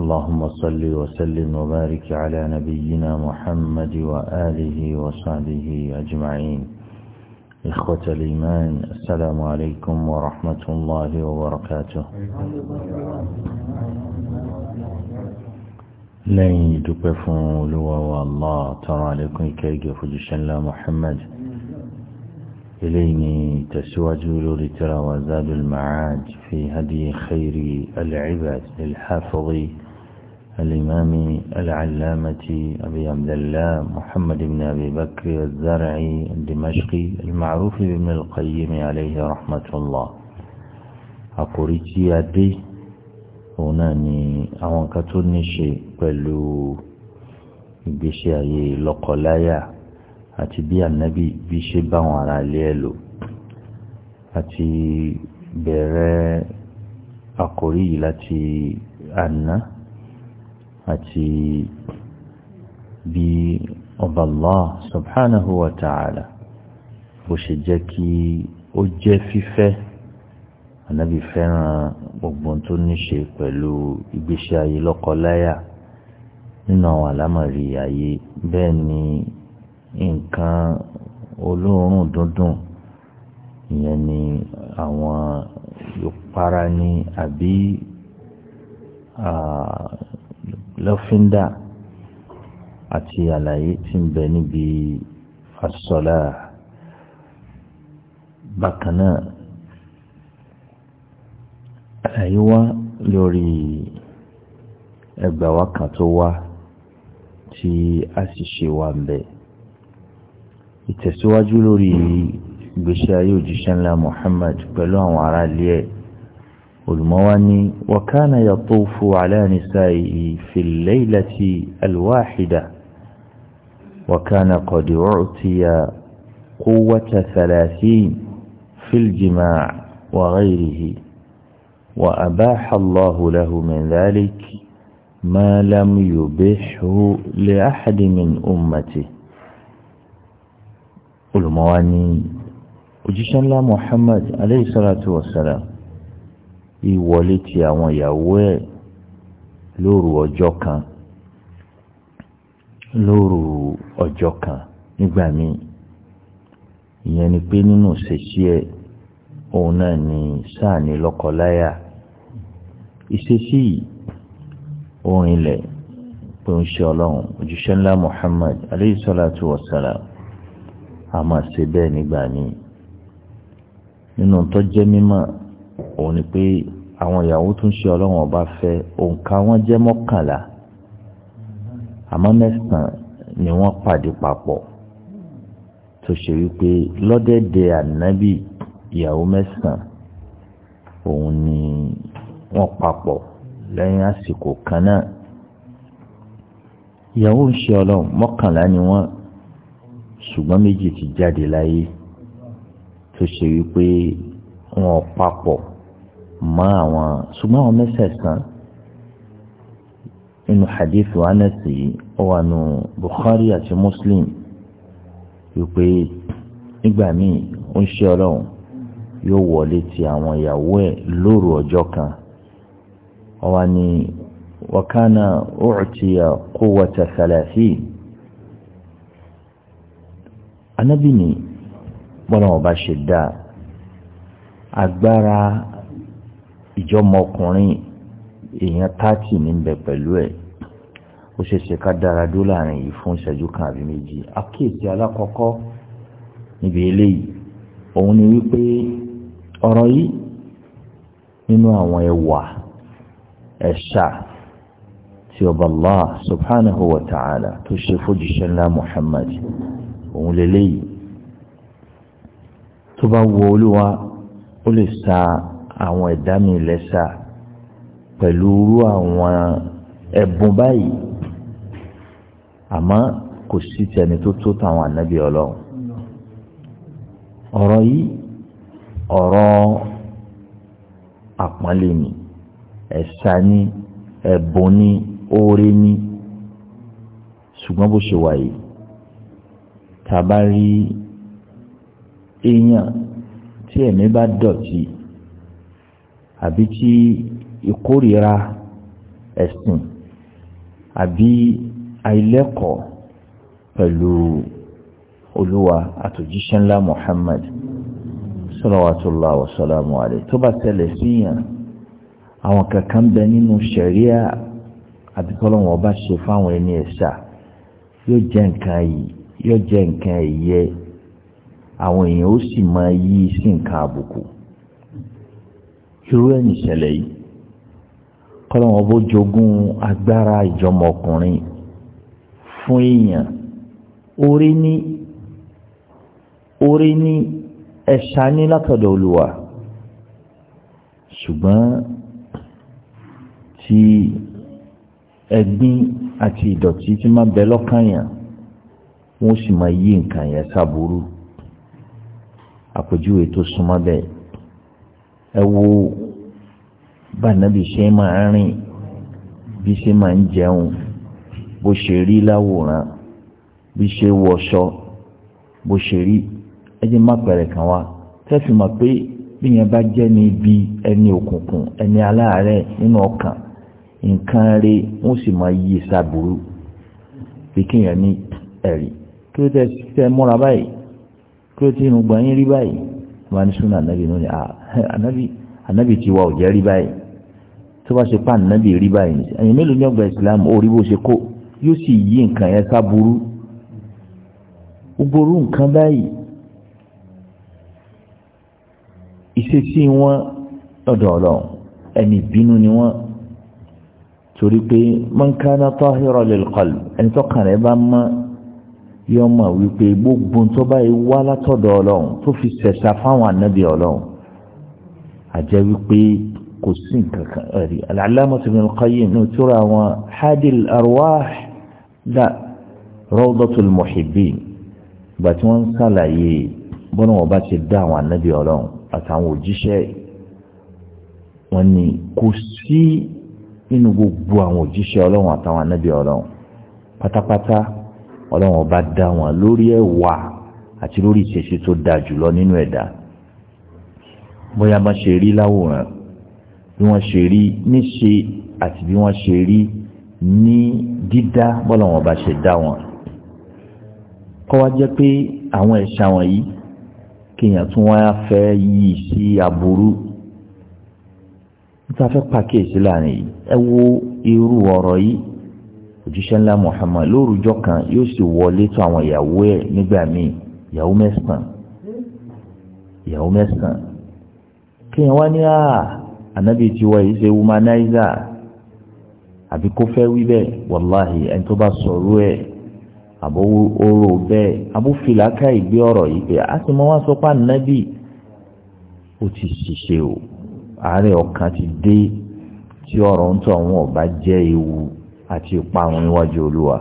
اللهم صل وسلم وبارك على نبينا محمد وآله وصحبه أجمعين إخوة الإيمان السلام عليكم ورحمة الله وبركاته لن تكفوا لوا والله ترى عليكم كيف فجشن لا محمد إليني تسواج لترى وزاد المعاد في هدي خير العباد للحافظ الإمام العلامة أبي عبد الله محمد بن أبي بكر الزرعي الدمشقي المعروف بابن القيم عليه رحمة الله أقريتي أدي هنا ني أوان كتوني شيء pẹ̀lú ìgbésí ayé lọ́kọláya àti bí ànábì bí ṣe bá wọn ara àti bí ọba Allah subhanahu wa ta'ala bó ṣe jẹ́ kí ó jẹ́ fífẹ́ ànábì fẹ́ràn gbogbo tó ní ṣe pẹ̀lú ìgbésí ayé lọ́kọláya nínú àwọn àlámọ̀rí ayé bẹ́ẹ̀ ni nǹkan olóòórùn dúndùn ìyẹn ni àwọn ìpara ni àbí lọ́fíńdà àti àlàyé tí ń bẹ níbi asọ́lá bákan náà àlàyé wá lórí ẹgbàá wa kan tó wá tí a sì ṣe wà ń bẹ ìtẹ̀síwájú lórí ìgbésí ayé òjíṣẹ́ ńlá Muhammad pẹ̀lú àwọn aráalé ẹ̀. والمواني وكان يطوف على نسائه في الليلة الواحدة وكان قد أعطي قوة ثلاثين في الجماع وغيره وأباح الله له من ذلك ما لم يبحه لأحد من أمته olùmọ́wá وجيشا لا محمد عليه الصلاة والسلام ìwọlé ti àwọn ìyàwó ẹ̀ lóru ọjọ́ kan lóru ọjọ́ kan nígbà míì ìyẹn ni pé nínú ìṣesí ẹ̀ òun náà ni sáà ní ìṣesí orin lẹ̀ pé ń ṣe ọlọ́run òjíṣẹ́ ńlá Muhammad aleyhi salatu wa salam a máa ṣe bẹ́ẹ̀ nígbà míì nínú tó jẹ́ òun ni pé àwọn ìyàwó tún ṣe ọlọ́run ọba fẹ́ òǹkà wọn jẹ́ mọ́kànlá àmọ́ mẹ́sàn-án ni wọ́n pàdé papọ̀ tó ṣe wípé lọ́dẹ̀dẹ̀ ànábì ìyàwó mẹ́sàn-án òun ni wọ́n papọ̀ lẹ́yìn àsìkò kan náà ìyàwó ń ṣe ọlọ́run mọ́kànlá ni wọ́n ṣùgbọ́n méjì ti jáde láyé tó ṣe wípé wọn papọ̀ mọ́ àwọn ṣùgbọ́n àwọn mẹ́sẹ̀sán nínú hadithu anasi ọwà nù Bukhari àti Muslim wípé nígbà míì ó ń ṣe ọlọ́run yóò wọlé ti àwọn ìyàwó ẹ̀ lóru ọjọ́ kan ọwà ní wakana u'tiya quwwata thalathin anábì ní bọ́lá wọn bá ṣe dáa agbára ìjọmọkùnrin èèyàn táàtì ní bẹ pẹ̀lú ẹ̀ ó ṣe ṣe ká dára dó láàrin yìí fún ìṣẹ́jú kan àbí méjì àkíyèsí alákọ̀ọ́kọ́ níbi eléyìí òun ni wípé ọ̀rọ̀ yìí nínú àwọn ẹwà ẹ̀ṣà tí ọba Allah subhanahu wa ta'ala tó ṣe fójúṣẹ́ ńlá Muhammad òun lélẹ́yìí tó bá wọ olúwa ó lè sa àwọn ẹ̀dá mi lẹ́sà pẹ̀lú irú àwọn ẹ̀bùn báyìí àmọ́ kò sí tẹni tó tó táwọn ànábì ọlọ́run ọ̀rọ̀ yìí ọ̀rọ̀ àpọ́nlé ni ẹ̀sà ni ẹ̀bùn ni oore ni ṣùgbọ́n bó ṣe wà yìí tá a bá rí èèyàn tí ẹ̀mí bá dọ̀tí àbí tí ìkórìíra ẹ̀sìn àbí àìlẹ́kọ̀ọ́ pẹ̀lú olúwa àtòjíṣẹ́ ńlá Muhammad sọlọ́wàtúlá wàsálàmù àlè tó bá tẹ̀lé síyàn àwọn kankan bẹ nínú ṣẹ̀ríà àbí tọ́lọ́wọ́n ọba ṣe fáwọn ẹni ẹ̀ṣà yóò jẹ́ nǹkan yìí yóò jẹ́ nǹkan ẹ̀yẹ àwọn èèyàn ó sì máa yí sí nǹkan àbùkù irú ẹ̀yìn ìṣẹ̀lẹ̀ yìí kọ́lọ́ wọn bó jogún agbára ìjọmọkùnrin fún èèyàn orí ní orí ní ẹ̀ṣá ní látọ̀dọ̀ olùwà ṣùgbọ́n tí ẹ̀gbin àti ìdọ̀tí tí máa bẹ lọ́kàn yàn wọ́n sì máa yí nǹkan yẹn sábúrú àpèjúwe tó súnmọ́ bẹ́ẹ̀ ẹ wo bá nàbì ṣe máa rìn bí ṣe máa ń jẹun bó ṣe rí láwòrán bí ṣe wọṣọ bó ṣe rí ẹjẹ má pẹ̀rẹ̀ kan wá tẹ́sí mọ̀ pé bí yẹn bá jẹ́ ní ibi ẹni òkùnkùn ẹni aláàárẹ̀ nínú ọkàn nǹkan rí wọ́n sì máa yí sábúrú bí kéèyàn ní ẹ̀rí kí ló tẹ́ múra báyìí kí ló tẹ́ inú gbọ̀nyín rí báyìí wọ́n á ní súnà ànábì náà ni ànábì ànábì tiwa ò jẹ́ rí báyìí tó bá ṣe pa nàbì rí báyìí ẹ̀yìn mélòó ní ọgbà islam orí bó ṣe kó yóò sì yí nǹkan yẹn sábúrú gbogbo orú nǹkan báyìí ìṣesí wọn lọ́dọ̀ ọlọ́run ẹni ìbínú ni wọ́n torí pé mọ́ńkánná tọ́hírọ̀ lè kọlù ẹni tọ́kàn rẹ̀ bá mọ́ yóò mọ̀ wípé gbogbo tó báyìí wá látọ̀dọ̀ ọlọ́run tó fi ṣẹ̀ṣà fáwọn ànábì ọlọ́run àjẹ́ wípé kò sí nǹkan kan ẹ̀rí al-Allāmah Ibn al-Qayyim ní òtúrọ àwọn hadil arwah dá Rawdatul Muhibbin ìgbà tí wọ́n ń sàlàyé bọ́nà wọn bá ti dá àwọn anábì ọlọ́run àtàwọn òjíṣẹ́ wọn ni kò sí nínú gbogbo àwọn òjíṣẹ́ ọlọ́run àtàwọn anábì ọlọ́run pátápátá ọlọ́run ọba dá wọn lórí ẹwà àti lórí ìṣesí tó dáa jùlọ nínú ẹ̀dá bóyá má ṣe rí láwòrán bí wọ́n ṣe rí níṣe àti bí wọ́n ṣe rí ní dídá bọ́lá wọn bá ṣe dá wọn. kọ́ wá jẹ́ pé àwọn ẹ̀ṣà wọ̀nyí kéèyàn tún wá fẹ́ yí sí aburú níta fẹ́ pàkíyèsí láàrin yìí ẹ wo irú ọ̀rọ̀ yìí òjíṣẹ́ ńlá Muhammad lórúkọ kan yóò sì wọlé tó àwọn ìyàwó ẹ̀ nígbà míì ìyàwó mẹ́sàn-án ìyàwó mẹ́sàn-án kéèyàn wá ní àá ànábì tiwa yìí ṣe womanizer àbí kó fẹ́ wí bẹ́ẹ̀ wàláhì ẹni tó bá sọ̀rọ̀ ẹ̀ àbó oró bẹ́ẹ̀ àbó filaka ìgbé ọ̀rọ̀ yìí pé a sì mọ wá sọ pé ànábì ó ti ṣiṣẹ́ o àárẹ̀ ọkàn ti dé tí ọ̀rọ̀ ń tọ́ àwọn ọba jẹ́ ewu àti ìparun níwájú olúwa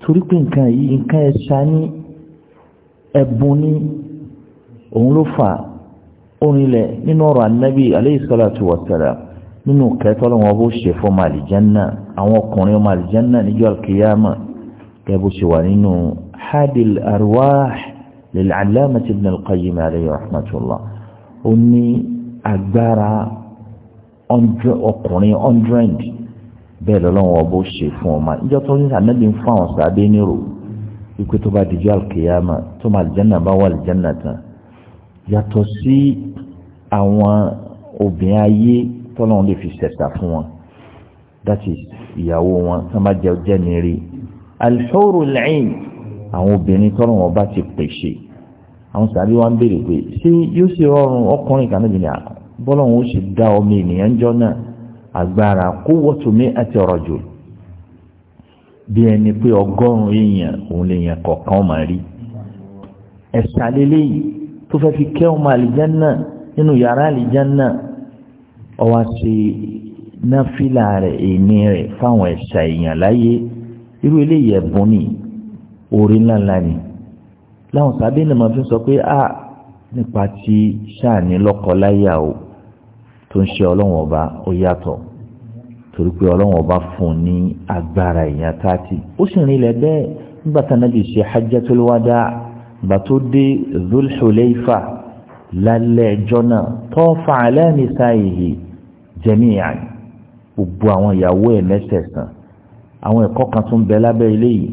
torí pé nǹkan yìí nǹkan ẹ̀ṣá ní ẹ̀bùn ní òun ló fà á orinlẹ̀ nínú ọ̀rọ̀ anábì aleyhisalatu wasala nínú kẹtọ́lọ́ wọn bó ṣe fún màlìjánná àwọn ọkùnrin màlìjánná níjọ́ alkiyama gẹ́gbó ṣe wà nínú hadil arwah lil'allamati ibn al-qayyim alayhi rahmatullah ó ní agbára ọkùnrin hundred bẹ́ẹ̀ lọ́lọ́wọ́ bó ṣe fún ọmọ níjọ́ tó ní anábì ń fún àwọn sàbẹ́ nírò ikú tó bá dijọ́ alkiyama tó màlìjánná bá wà alìjánná tán yàtọ̀ sí àwọn obìnrin ayé tọ́lọ́run lè fi ṣẹ̀ṣà fún wọn that is ìyàwó wọn tó má jẹ́ jẹ́ ní rí alḥóòrò lẹ́yìn àwọn obìnrin tọ́lọ́run wọn bá ti pèsè àwọn sàbí wa ń pé ṣé yóò ṣe rọrùn ọkùnrin kan níbi náà bọ́lọ́run ó sì dá ọmọ ènìyàn jọ náà agbára kó wọ́túnmí àti ọ̀rọ̀ jù bí ẹni pé ọgọ́rùn-ún èèyàn òun lè yàn kọ̀ọ̀kan máa rí ẹ̀sà lélẹ́yìí tó fẹ́ fi kẹ́ ọmọ àlìjẹ́ náà nínú yàrá àlìjánná ọwọ́ àti náfìlà rẹ̀ èmi rẹ̀ fáwọn ẹ̀ṣà èèyàn láyé irú eléyìí ẹ̀bùn ni orí ńláńlá ni láwọn sábẹ́ ní ma fi sọ pé a nípa ti sáàní lọ́kọláyà o tó ń ṣe ọlọ́wọ́n ọba ó yàtọ̀ torí pé ọlọ́wọ́n ọba fún ní agbára èèyàn táàtì ó sì rìnlẹ̀ bẹ́ẹ̀ nígbà tá a nábì ṣe hajjatul wada gbà tó dé Dhul Hulayfa lálẹ́ ẹjọ́ náà tọ́fà alẹ́ nìsa èyí jẹ̀míyàn gbogbo àwọn ìyàwó ẹ̀ mẹ́sẹ̀sán àwọn ẹ̀kọ́ kan tún bẹ lábẹ́ eléyìí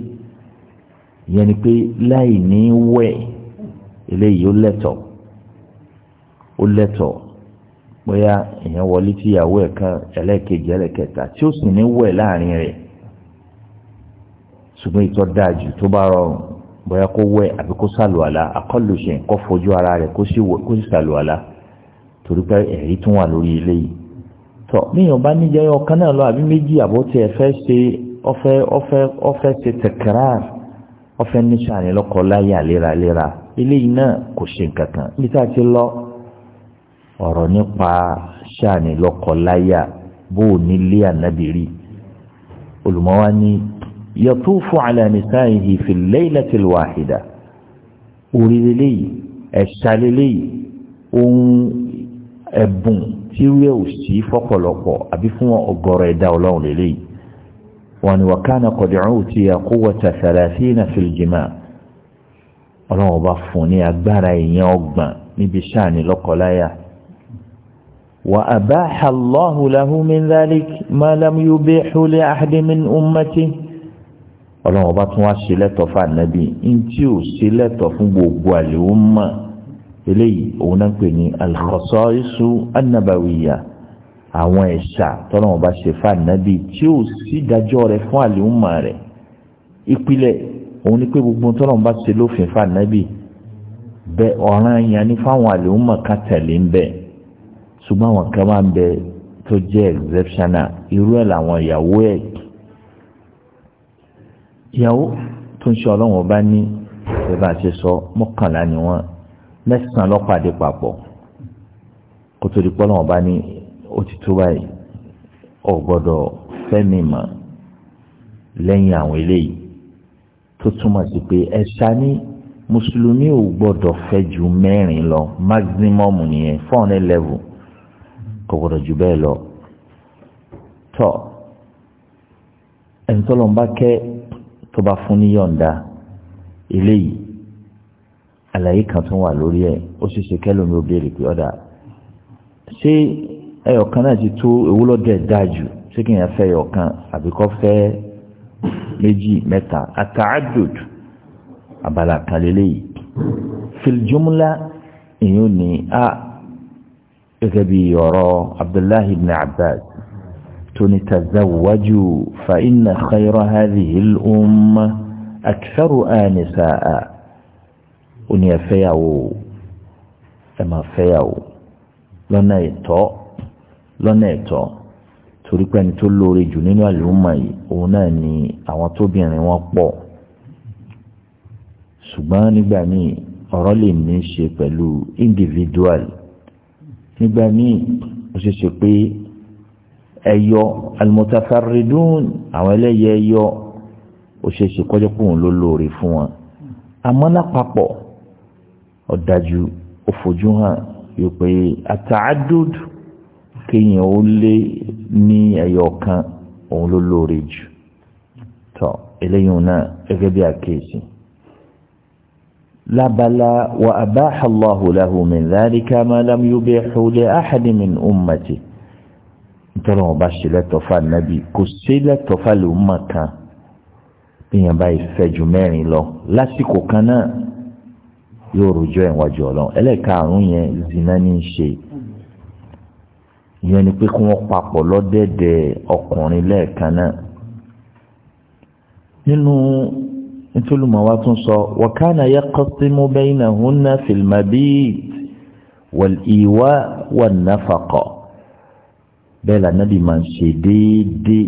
ìyẹn ni pé láì ní wẹ̀ eléyìí ó lẹ́tọ̀ ó lẹ́tọ̀ bóyá èèyàn wọlé tí ìyàwó ẹ̀ kan ẹlẹ́ẹ̀kejì ẹlẹ́ẹ̀kẹta tí ó sì ní wẹ̀ láàrin rẹ̀ ṣùgbọ́n ìtọ́ dáa jù tó bá rọrùn bóyá kó wẹ̀ àbí kó sàlùwàlá àkọlù ṣe kó fojú ara rẹ̀ kó sì sàlùwàlá torí pé ẹ̀rí tún wà lórí ilé yìí tọ́ níyàn bá níjẹ́ yọ ọ̀kan náà lọ àbí méjì àbọ̀ tí ẹ fẹ́ ṣe ọfẹ́ ọfẹ́ ọfẹ́ ṣe tẹ̀kẹ́rà ọfẹ́ níṣà ní lọ́kọ̀ láyà léraléra eléyìí náà kò ṣe nǹkan kan níbi tá a ti lọ ọ̀rọ̀ nípa ṣáà ní láyà bó o nílé ànábìrì olùmọ́wá ní يطوف على نسائه في الليلة الواحدة أوريلي الشاليلي أم أبون تيويو الشي فقلق أبفو أبور دولون للي وأن وكان قد عوتي قوة ثلاثين في الجماع ولو بفوني أبارا يوغبا نبشان لقلايا وأباح الله له من ذلك ما لم يبيح لأحد من أمته ọlọ́run ọba tún wá ṣe lẹ́tọ̀ fún ànábì ntí ò ṣe lẹ́tọ̀ fún gbogbo àlèwò mọ̀ eléyìí òun náà pè ní al-khasaisu an-nabawiyya àwọn ẹ̀ṣà tọ́lọ́run ọba ṣe fún ànábì tí ò sí dájọ́ rẹ̀ fún àlèwò mọ̀ rẹ̀ ìpìlẹ̀ òun ni pé gbogbo tọ́lọ́run bá ṣe lófin fún ànábì bẹ ọ̀ràn yẹn ní fáwọn àlèwò mọ̀ ká tẹ̀lé ń bẹ̀ ṣùgbọ́n àwọn kan máa ń bẹ tó jẹ́ exceptional irú ẹ̀ làwọn ìyàwó ẹ̀ ìyàwó tó ń ṣe ọlọ́run ọba ní ìbá ṣe sọ mọ́kànlá ni wọ́n mẹ́sàn-án lọ́pàdé papọ̀ kó tó di pọ́lọ́run ọba ní ó ti tó báyìí ò gbọ́dọ̀ fẹ́mi mọ́ lẹ́yìn àwọn eléyìí tó túmọ̀ sí pé ẹ̀ṣá ní mùsùlùmí ò gbọ́dọ̀ fẹ́ ju mẹ́rin lọ maximum nìyẹn four hundred level kò gbọ́dọ̀ ju bẹ́ẹ̀ lọ tọ́ ẹ̀ńtọ́lọ́mbá tó bá fún níyọ̀ǹda eléyìí àlàyé kan tó wà lórí ẹ̀ ó sì ṣe kẹ́lómi ó béèrè pé ọ̀dà ṣé ẹyọ̀kan náà ti tó ewúlọ́dẹ̀ dáa jù ṣé kí fẹ́ ẹyọ̀kan àbí kọ́ fẹ́ méjì mẹ́ta àtàádùd abala kan lélẹ́yìí fìlìjúmúlá èèyàn ní a ah, gẹ́gẹ́ bí ọ̀rọ̀ Abdullahi ibn Abbas tóní tazawwaju fa inna khayra hadhihi al-umma aktharu anisaa ó ní ẹ fẹ́yàwó ẹ máa fẹ́yàwó lọ́nà ìtọ́ lọ́nà ìtọ́ torí pé ẹni tó lóore jù nínú àlùmọ̀ yìí òun náà ni àwọn tóbìnrin wọn pọ̀ ṣùgbọ́n nígbà míì ọ̀rọ̀ lè ní í ṣe pẹ̀lú individual nígbà míì ó ṣe ṣe pé ẹyọ alimutafaridun àwọn ẹlẹ́yẹ ẹyọ òṣèṣe kọjá pé òun ló lóore fún wọn àmọ́ lápapọ̀ ọ̀dájú ó fojú hàn yóò pé àtàádùd kéèyàn ó lé ní ẹyọ kan òun ló lóore jù tọ́ eléyìí náà gẹ́gẹ́ bí àkéèsì labala wa abaha allahu lahu min dhalika ma lam yubihu li ahadin nítorí wọn bá ṣe lẹ́tọ̀ọ́fà nàbì kò ṣe lẹ́tọ̀ọ́fà ló mọ̀ kan bíyàn bá ìfẹ́ ju mẹ́rin lọ lásìkò kan náà yóò rojọ́ ìwájú ọlọ́run ẹlẹ́ẹ̀karùn-ún yẹn zina ní í ṣe ìyẹn ni pé kí wọ́n papọ̀ lọ́dẹ̀dẹ̀ ọkùnrin lẹ́ẹ̀kan náà nínú nítorúmọ̀ wa tún sọ wọ̀kánà yẹ kọ́símú bẹ́yìn náà hùn náà fìlmà bíi wọ̀l ìwá wọ̀n náfàkọ̀ bẹ́ẹ̀ lànàbì máa ń ṣe déédéé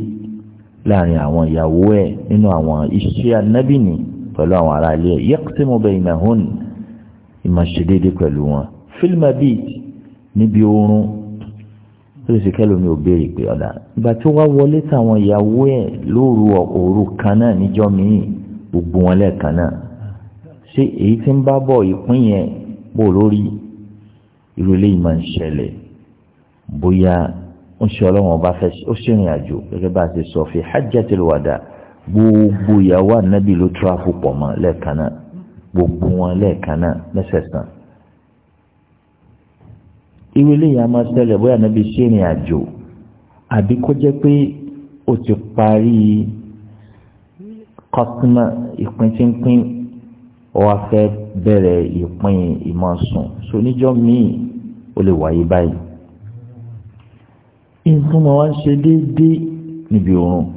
láàrin àwọn ìyàwó ẹ̀ nínú àwọn iṣẹ́ ànábì ni pẹ̀lú àwọn ará ilé ẹ̀ yaqsimu baynahun ìmọ̀ ṣe déédéé pẹ̀lú wọn fílmà bíi níbi oorun tó sì kẹ́lómi ò béèrè pé ọ̀dà ìgbà tí wọ́n wọlé táwọn ìyàwó ẹ̀ lóru òru kan náà níjọ́ míì gbogbo wọn lẹ́ẹ̀kan náà ṣé èyí tí ń bá bọ̀ ìpín yẹn pò lórí irú eléyìí máa ó ṣe ọlọ́run ọba fẹ́ ó ṣèrìn àjò gẹ́gẹ́ bá a ti sọ fi hajjatul wada gbogbo ìyàwó ànábì ló tíráfù pọ̀ mọ́ lẹ́ẹ̀kan náà gbogbo wọn lẹ́ẹ̀kan náà lẹ́sẹ̀sán. irú eléyìí a máa ṣẹlẹ̀ bóyá ànábì ṣèrìn àjò àbí kó jẹ́ pé ó ti parí kọ́tùmọ̀ ìpín tí ń pín ó fẹ́ bẹ̀rẹ̀ ìpín ìmọ̀sùn so níjọ́ míì ó lè wáyé báyìí ìtumọ̀ wa ń ṣe déédéé níbi òórùn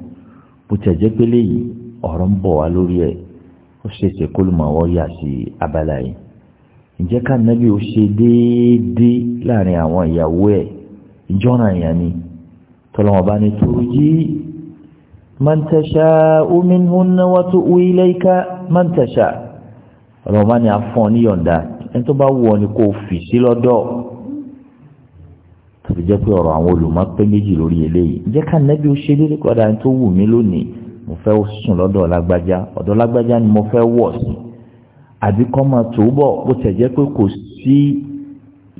bó tẹ̀ jẹ́ pé léyìí ọ̀rọ̀ ń bọ̀ wá lórí ẹ̀ ó ṣèṣe kó ló mọ̀ wọ́n yà sí abala yìí ǹjẹ́ ká nàbí ó ṣe déédéé láàrin àwọn ìyàwó ẹ̀ ìjọ́ra yẹn ni tọ́lọ́mọba ni tó yí man tasha'u minhunna wa tu'wi ilayka man tasha'u ọlọ́mọ ni a fún ọ níyọ̀ǹda ẹni tó bá wù ọ ni kò fi sí lọ́dọ̀ tàbí jẹ́ pé ọ̀rọ̀ àwọn olùmọ̀ pé méjì lórí eléyìí jẹ́ ká nẹ́bí ó ṣe lérí kọ́dà tó wù mí lónìí mo fẹ́ sùn lọ́dọ̀ lágbájá ọ̀dọ̀ lágbájá ni mo fẹ́ wọ̀ sí àbí kọ́ máa tó bọ̀ bó tẹ̀ jẹ́ pé kò sí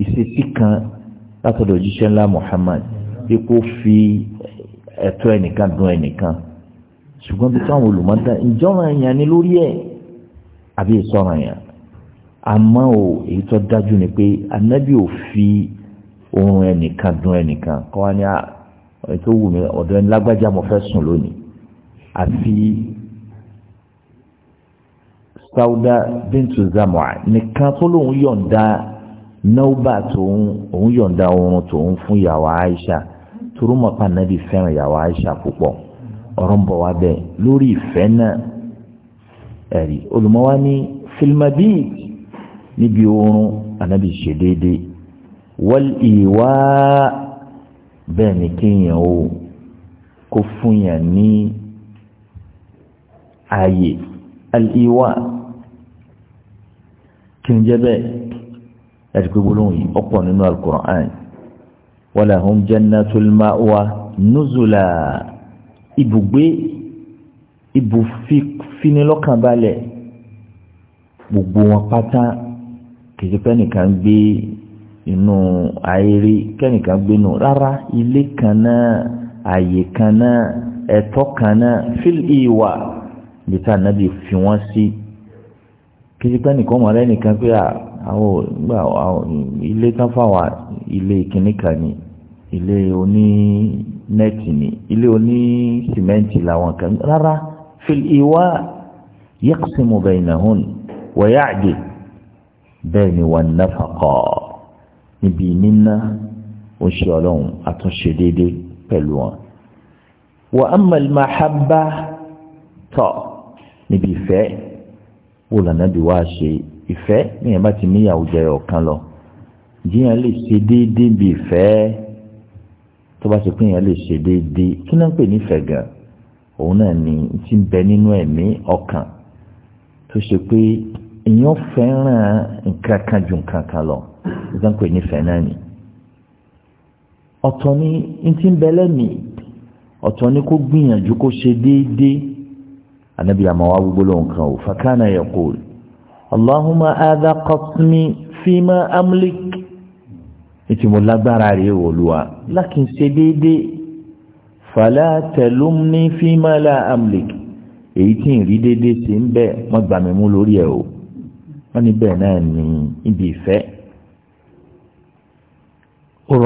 ìṣesí kan látọ̀dọ̀ òjíṣẹ́ ńlá Muhammad bí kò fi ẹ̀tọ́ ẹnìkan dùn ẹnìkan ṣùgbọ́n bí táwọn olùmọ̀ dá ìjọba èèyàn ni lórí ẹ̀ àbí ìsọ̀rọ̀ èèyàn àmọ́ ò èyí tó dájú ni pé anábì ò fi oorun ẹnìkan dùn ẹnìkan kọ́ wá ní ètò ah, wù mí ọ̀dọ̀ ẹni lágbájá mo fẹ́ sùn lónìí àfi Sauda bintu Zamua nìkan tó lóun yọ̀ǹda náwùbà tòun òun yọ̀ǹda oorun tòun fún yàwó Aisha turuma pa nabi fẹ́ràn yàwó Aisha púpọ̀ ọ̀rọ̀ ń bọ̀ wá bẹ́ẹ̀ lórí ìfẹ́ náà ẹ̀rí olùmọ́wá ní fílmàbíì níbi oorun ànábì ṣe déédéé wọ́n ìwá bẹ́ẹ̀ ni kéèyàn ó kó fún yàn ní ààyè al-ìwá kí n jẹ́ bẹ́ẹ̀ láti pé gbólóhùn yìí ọ̀pọ̀ nínú al-Qur'an walahum jannatul ma'wa nuzula ibùgbé ibùfinilọ́kànbalẹ̀ gbogbo wọn pátá kìí pẹ́ nìkan gbé inú ayéré kẹ́nìkan gbénu rárá ilé kan náà ààyè kan náà ẹ̀tọ́ kan náà fíl ìwà bí tá ànábì fi wọ́n sí kìí pẹ́ nìkan mọ̀ lẹ́nìkan pé àwọn gbà ilé kan fáwa ilé kìnní kan ni ilé oní nẹ́ẹ̀tì ni ilé oní sìmẹ́ǹtì làwọn kan rárá fíl ìwà yaqsimu baynahun wa ya'dil bẹ́ẹ̀ ni wọ́n náfà kọ́ ọ níbi níná oṣù ọlọ́run àtúnṣe déédéé pẹ̀lú wọn. wà á mọ̀lẹ́mọ̀ àhábá tọ̀ níbi ìfẹ́ wò lànà bí wàá ṣe ìfẹ́ níyẹn bá ti níyàwó jẹrẹ ọ̀kan lọ jíyàn lè ṣe déédéé bí ìfẹ́ tó bá ṣe pé yẹn lè ṣe déédéé kí náà ń pè nífẹ̀ẹ́ gan òun náà ni ti ń bẹ nínú ẹ̀mí ọkàn tó ṣe pé èèyàn fẹ́ràn nǹkan kan ju nǹkan kan lọ ìtàn pè ní fẹ́ náà ni ọ̀tọ̀ ni ntí ń bẹ lẹ́mìí ọ̀tọ̀ ni kó gbìyànjú kó ṣe déédéé anabi àmàwá gbólóhùn kan ò fakana yaqul allahumma adha qasmi fima amlik ètò mo lágbára rèé wòlúwa lákì ń ṣe déédéé fala talumni fima la amlik èyí tí ń rí déédéé ṣe ń bẹ mọ́ gbàmímú lórí ẹ̀ o wọ́n ní bẹ́ẹ̀ náà ní ibi ìfẹ́ ó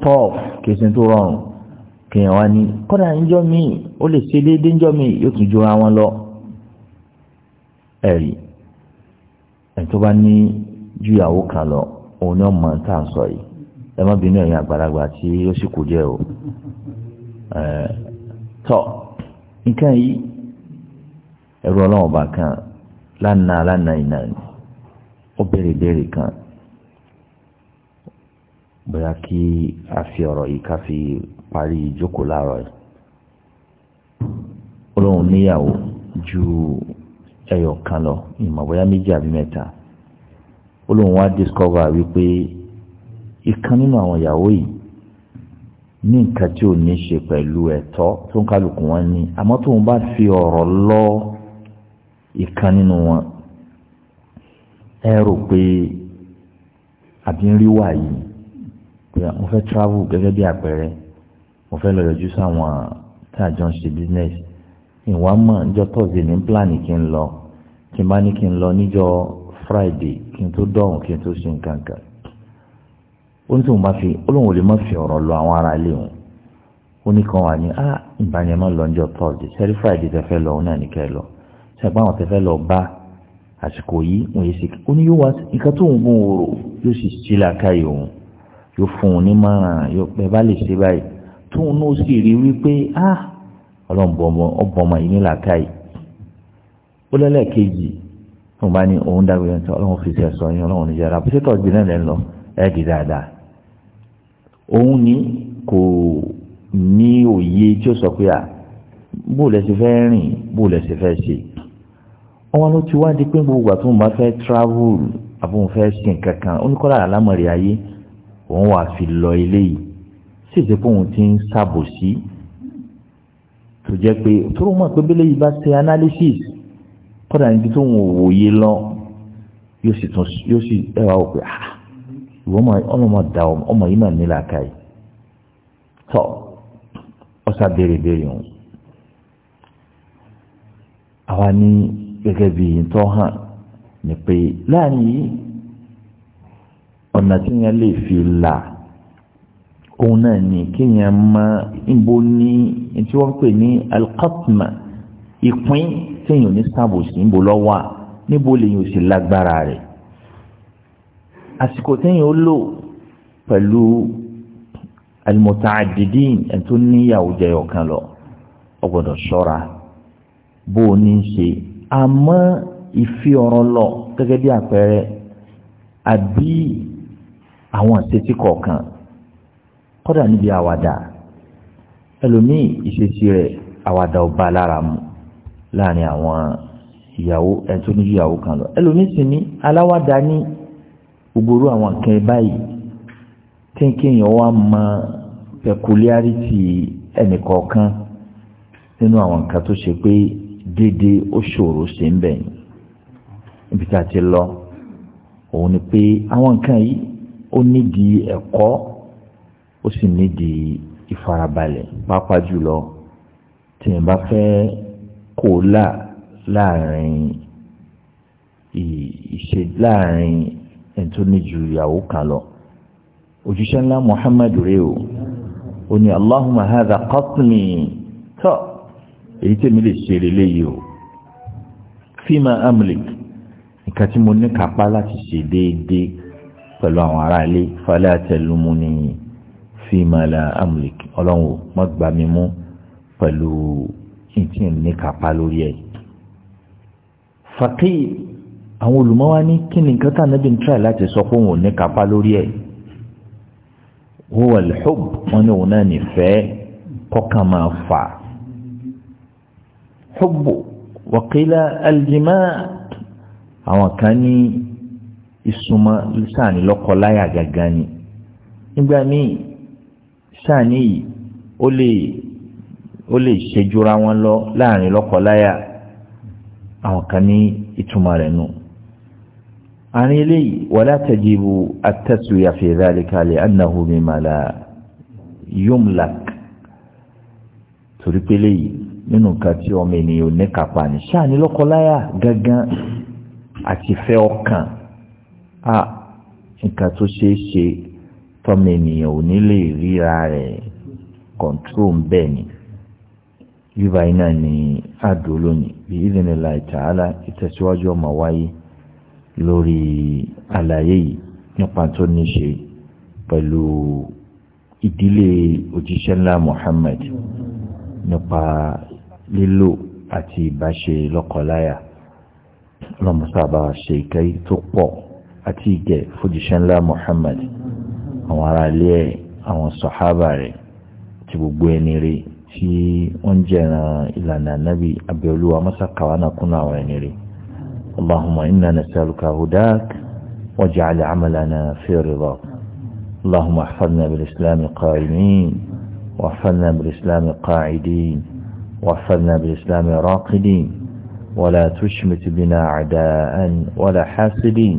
tọ́ kìsìn tó rọrùn kìyàn wá ní kọ́dà níjọ́ míì ó lè ṣe déédéé níjọ́ míì yóò tún jura wọn lọ ẹ̀rí ẹni tó bá ní ju ìyàwó kan lọ òun ni ọmọ tá à ń sọ yìí ẹ má bínú ẹ̀yin àgbàlagbà tí ó sì kù díẹ̀ o tọ́ nǹkan yìí ẹ̀rọ ọlọ́run ọba kan lánàá lánàá ìnáyìí ó béèrè béèrè kan bóyá kí a fi ọ̀rọ̀ yìí ká fi parí ìjókòó láàárọ̀ yìí olóhùn níyàwó ju ẹyọ kan lọ ìmọ̀ bóyá méjì àbí mẹ́ta olóhùn wá discover wípé ìkan nínú àwọn ìyàwó yìí ní nǹkan tí ò ní ṣe pẹ̀lú ẹ̀tọ́ tó ń kálukú wọn ní àmọ́ tóun bá fi ọ̀rọ̀ lọ ìkan nínú wọn ẹ rò pé àbí ń rí wàyí mo fẹ́ travel gẹ́gẹ́ bí àpẹẹrẹ mo fẹ́ lọ yọjú sáwọn tá a jọ ń ṣe business ìwà mọ̀ níjọ́ tọ́sídẹ̀ ní pílánì kí n lọ kí n bá ní kí n lọ níjọ́ friday kí n tó dọ̀hún kí n tó ṣe nǹkan kan ó ní tí mo bá fi olóhùn ò lè má fi ọ̀rọ̀ lọ àwọn ará ilé wọn ó ní kan wà ní á ah, ìbànújẹ́ má lọ níjọ́ tọ́sídẹ̀ sẹ́rí friday tẹ fẹ́ lọ òun náà ní kẹ́ lọ ṣàgbọ́n àwọn tẹ fẹ́ lọ bá àsìkò yìí òun yìí ṣe ó ní yóò wá nǹkan tó ń gbóhùn òrò yóò sì ṣí làákàyè òun yóò fún un nímọ̀ràn yóò pẹ́ bá lè ṣe báyìí tóun náà sì rí wípé ah ọlọ́mọbọmọ ọbọmọ yìí ní làákàyè ó lẹ́lẹ́kejì tóun bá ní òun dàgbé yẹn tó ọlọ́run fi ṣe sọ yín ọlọ́run níjà rà bùsẹ̀tọ̀ ọ̀gbìn náà lẹ́nu lọ ẹ̀ dì dáadáa òun ní kò ní òye tí ó sọ pé à ah, bó lẹ́sẹ̀ fẹ́ rìn bó lẹ́sẹ̀ fẹ́ ṣe wọn ló ti wá di pé gbogbo àtúntò bá fẹ́ travel àbóhùn fẹ́ ṣe nǹkan kan ó òun wàá fi lọ ilé yìí sì ti pé òun ti ń ṣàbòsí tó jẹ́ pé tó rò mọ̀ pé bẹ́lẹ̀ yìí bá ṣe analysis kọ́dà níbi tó ń wòye lọ yóò sì tún yóò sì ẹ wá wò pé ah ìwọ ọmọ ọmọ da ọmọ yìí mà nílà ká yìí tọ ọsà béèrè béèrè òun àwa ní gẹ́gẹ́ bíi tó hàn ní pé láàrin yìí ọ̀nà tí yẹn lè fi là òun náà ni kéèyàn mọ níbo ní tí wọ́n pè ní alkatma ìpín téèyàn ní sábòsí níbo lọ́wọ́ níbo lèyìn ò sì lágbára rẹ̀ àsìkò téèyàn ó lò pẹ̀lú alimọ̀tàdìdín ẹ̀tọ́ níyàwó jẹyọ kan lọ ọ gbọ́dọ̀ bó o ní ṣe àmọ́ ìfi ọ̀rọ̀ lọ gẹ́gẹ́ bí àpẹẹrẹ àbí àwọn ìṣesí kọ̀ọ̀kan kódà níbi àwàdà ẹlòmíì ìṣesí rẹ̀ àwàdà ò bá lára mu láàrin àwọn ìyàwó ẹni tó ní ìyàwó kan lọ ẹlòmíì sì ní aláwàdà ní ògbóró àwọn kan báyìí kéńkéèyàn wá mọ pẹkuliariti ẹnì kọ̀ọ̀kan nínú àwọn nǹkan tó ṣe pé dédé ó ṣòro ṣe ń bẹ̀yìn ibi tá a ti lọ òun ni pé àwọn nǹkan yìí ó nídìí ẹ̀kọ́ ó sì nídìí ìfarabalẹ̀ pàápàá jùlọ tèmi bá fẹ́ kó là láàrin ìṣe láàrin ẹni tó ní ju ìyàwó kan lọ òjíṣẹ́ ńlá muhammadu rèé o ó ní allahumma hadha qatni tó èyí tèmi lè ṣe lélẹ́yìí o fima amlik nǹkan tí mo ní kápá láti ṣe déédéé pẹ̀lú àwọn ará ilé fala talumuni fima la amlik ọlọ́run má gbà mí mú pẹ̀lú ìtì ní kápá lórí ẹ̀. fàkì àwọn olùmọ́wá ní kí ni nǹkan tá ànábì ń tíra láti sọ pé òun ní kápá lórí ẹ̀. huwa al-hubb wọn ní òun náà nífẹ̀ẹ́ kọ́kàn máa fà. hubb wa qila al àwọn kan ní ìsúnmọ́ sáàní lọ́kọ láyà gàgán ni nígbà míì sáàní yìí ó lè ó lè ṣèjúra wọn lọ láàrin lọ́kọ láyà àwọn kan ní ìtumọ̀ rẹ̀ nù. àárín eléyìí wala tajibu at-taswiya fi dhalika li'annahu mimma la nínú nǹkan tí ọmọ ènìyàn ò ní kápá ni sáàní lọ́kọ láyà gángan àti fẹ́ ọkàn. A nǹkan tó ṣeé ṣe tọ́mọ ènìyàn ò ní lè ríra rẹ̀ kọ̀ǹtró ń bẹ̀ ni bíbá iná ni àdó lónìí bí ìdìnnìlá ìtàhálà ìtẹ̀síwájú ọmọ wáyé lórí àlàyé yìí nípa tó ní ṣe pẹ̀lú ìdílé òjíṣẹ́ ńlá Muhammad nípa lílò àti ìbáṣe lọ́kọláya lọ́mọ́sábà ṣe ìkẹ́yí tó pọ̀ àti ìgẹ̀ fòjíṣẹ́ ńlá Muhammad àwọn ará ilé ẹ̀ àwọn sọ̀hábà rẹ̀ ti gbogbo ẹni rẹ̀ tí wọ́n jẹ̀ràn ìlànà nábì abẹ́olúwa mọ́sàkàwá náà kún àwọn ẹni rẹ̀ اللهم إنا نسألك هداك واجعل عملنا في رضاك اللهم احفظنا بالإسلام قائمين واحفظنا بالإسلام قاعدين واحفظنا بالإسلام راقدين ولا تشمت بنا عداء ولا حاسدين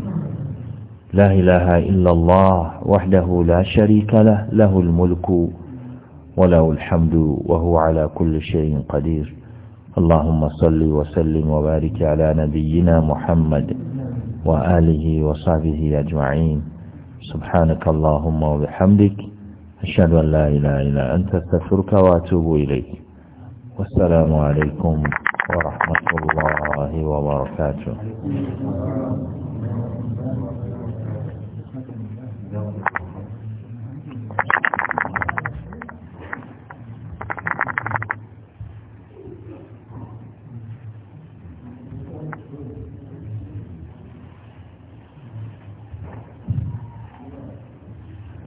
لا إله إلا الله وحده لا شريك له له الملك وله الحمد وهو على كل شيء قدير اللهم صل وسلم وبارك على نبينا محمد وآله وصحبه أجمعين سبحانك اللهم وبحمدك أشهد أن لا إله إلا أنت استغفرك وأتوب إليك والسلام عليكم ورحمة الله وبركاته